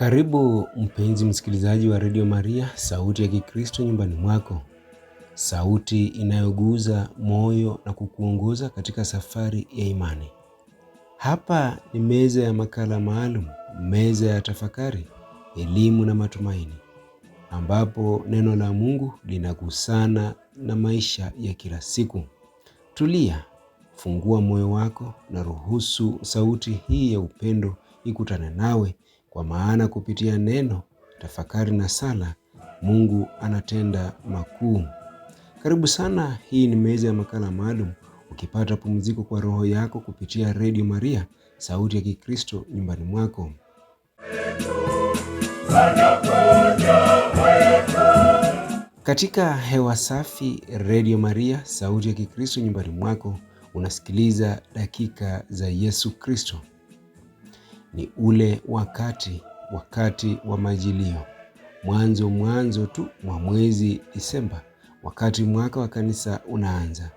Karibu mpenzi msikilizaji wa redio Maria, sauti ya Kikristo nyumbani mwako, sauti inayoguza moyo na kukuongoza katika safari ya imani. Hapa ni meza ya makala maalum, meza ya tafakari, elimu na matumaini, ambapo neno la Mungu linagusana na maisha ya kila siku. Tulia, fungua moyo wako na ruhusu sauti hii ya upendo ikutane nawe kwa maana kupitia neno, tafakari na sala, Mungu anatenda makuu. Karibu sana, hii ni meza ya makala maalum, ukipata pumziko kwa roho yako kupitia Redio Maria, sauti ya Kikristo nyumbani mwako. Katika hewa safi, Redio Maria, sauti ya Kikristo nyumbani mwako, unasikiliza dakika za Yesu Kristo ni ule wakati, wakati wa majilio, mwanzo mwanzo tu mwa mwezi Disemba, wakati mwaka wa kanisa unaanza,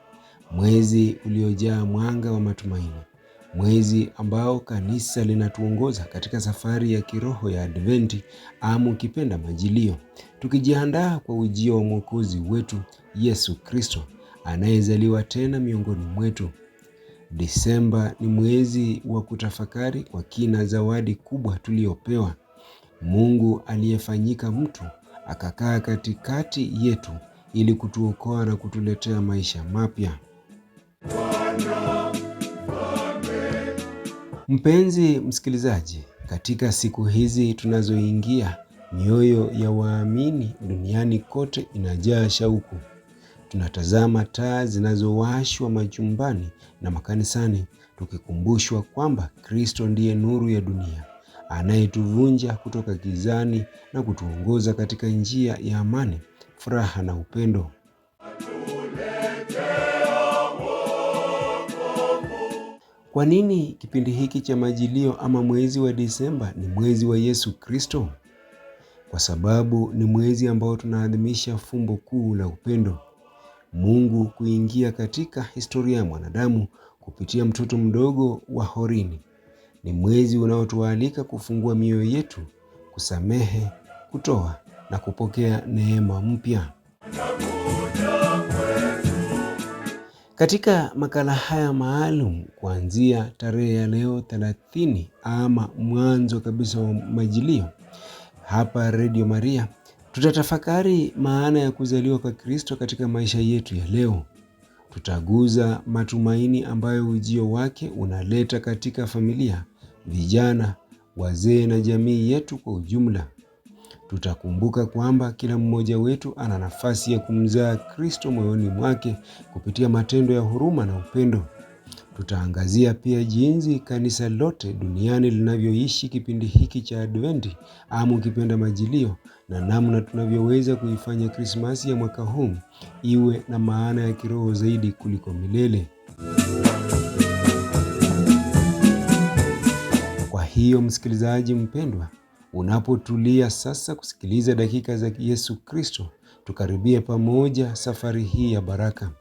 mwezi uliojaa mwanga wa matumaini, mwezi ambao kanisa linatuongoza katika safari ya kiroho ya Adventi ama ukipenda majilio, tukijiandaa kwa ujio wa mwokozi wetu Yesu Kristo anayezaliwa tena miongoni mwetu Disemba ni mwezi wa kutafakari kwa kina zawadi kubwa tuliyopewa. Mungu aliyefanyika mtu akakaa katikati yetu ili kutuokoa na kutuletea maisha mapya. Mpenzi msikilizaji, katika siku hizi tunazoingia, mioyo ya waamini duniani kote inajaa shauku. Tunatazama taa zinazowashwa majumbani na makanisani, tukikumbushwa kwamba Kristo ndiye nuru ya dunia anayetuvunja kutoka gizani na kutuongoza katika njia ya amani, furaha na upendo. Kwa nini kipindi hiki cha Majilio ama mwezi wa Disemba ni mwezi wa Yesu Kristo? Kwa sababu ni mwezi ambao tunaadhimisha fumbo kuu la upendo. Mungu kuingia katika historia ya mwanadamu kupitia mtoto mdogo wa horini. Ni mwezi unaotualika kufungua mioyo yetu, kusamehe, kutoa na kupokea neema mpya. Katika makala haya maalum kuanzia tarehe ya leo 30 ama mwanzo kabisa wa Majilio hapa Radio Maria Tutatafakari maana ya kuzaliwa kwa Kristo katika maisha yetu ya leo. Tutaguza matumaini ambayo ujio wake unaleta katika familia, vijana, wazee na jamii yetu kwa ujumla. Tutakumbuka kwamba kila mmoja wetu ana nafasi ya kumzaa Kristo moyoni mwake kupitia matendo ya huruma na upendo. Tutaangazia pia jinsi kanisa lote duniani linavyoishi kipindi hiki cha Adventi ama ukipenda majilio, na namna tunavyoweza kuifanya Krismasi ya mwaka huu iwe na maana ya kiroho zaidi kuliko milele. Kwa hiyo, msikilizaji mpendwa, unapotulia sasa kusikiliza dakika za Yesu Kristo, tukaribie pamoja safari hii ya baraka.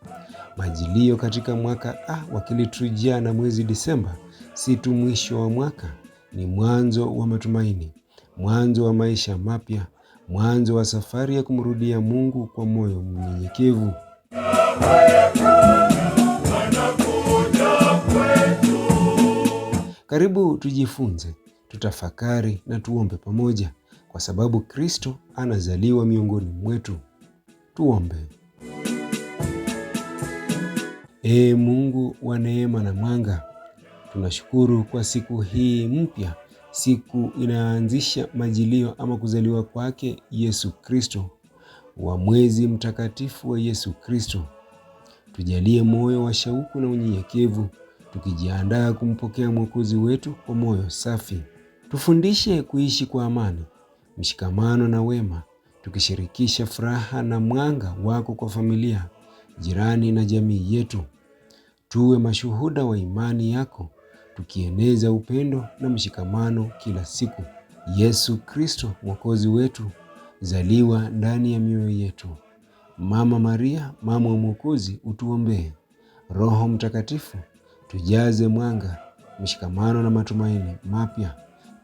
Majilio katika mwaka A ah, wa kiliturujia na mwezi Disemba si tu mwisho wa mwaka, ni mwanzo wa matumaini, mwanzo wa maisha mapya, mwanzo wa safari ya kumrudia Mungu kwa moyo mnyenyekevu. Karibu tujifunze, tutafakari na tuombe pamoja, kwa sababu Kristo anazaliwa miongoni mwetu. Tuombe. Ee Mungu wa neema na mwanga, tunashukuru kwa siku hii mpya, siku inaanzisha majilio ama kuzaliwa kwake Yesu Kristo, wa mwezi mtakatifu wa Yesu Kristo. Tujalie moyo wa shauku na unyenyekevu, tukijiandaa kumpokea Mwokozi wetu kwa moyo safi. Tufundishe kuishi kwa amani, mshikamano na wema, tukishirikisha furaha na mwanga wako kwa familia jirani na jamii yetu. Tuwe mashuhuda wa imani yako, tukieneza upendo na mshikamano kila siku. Yesu Kristo mwokozi wetu, zaliwa ndani ya mioyo yetu. Mama Maria, mama wa Mwokozi, utuombee. Roho Mtakatifu, tujaze mwanga, mshikamano na matumaini mapya.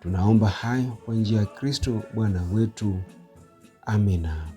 Tunaomba hayo kwa njia ya Kristo Bwana wetu. Amina.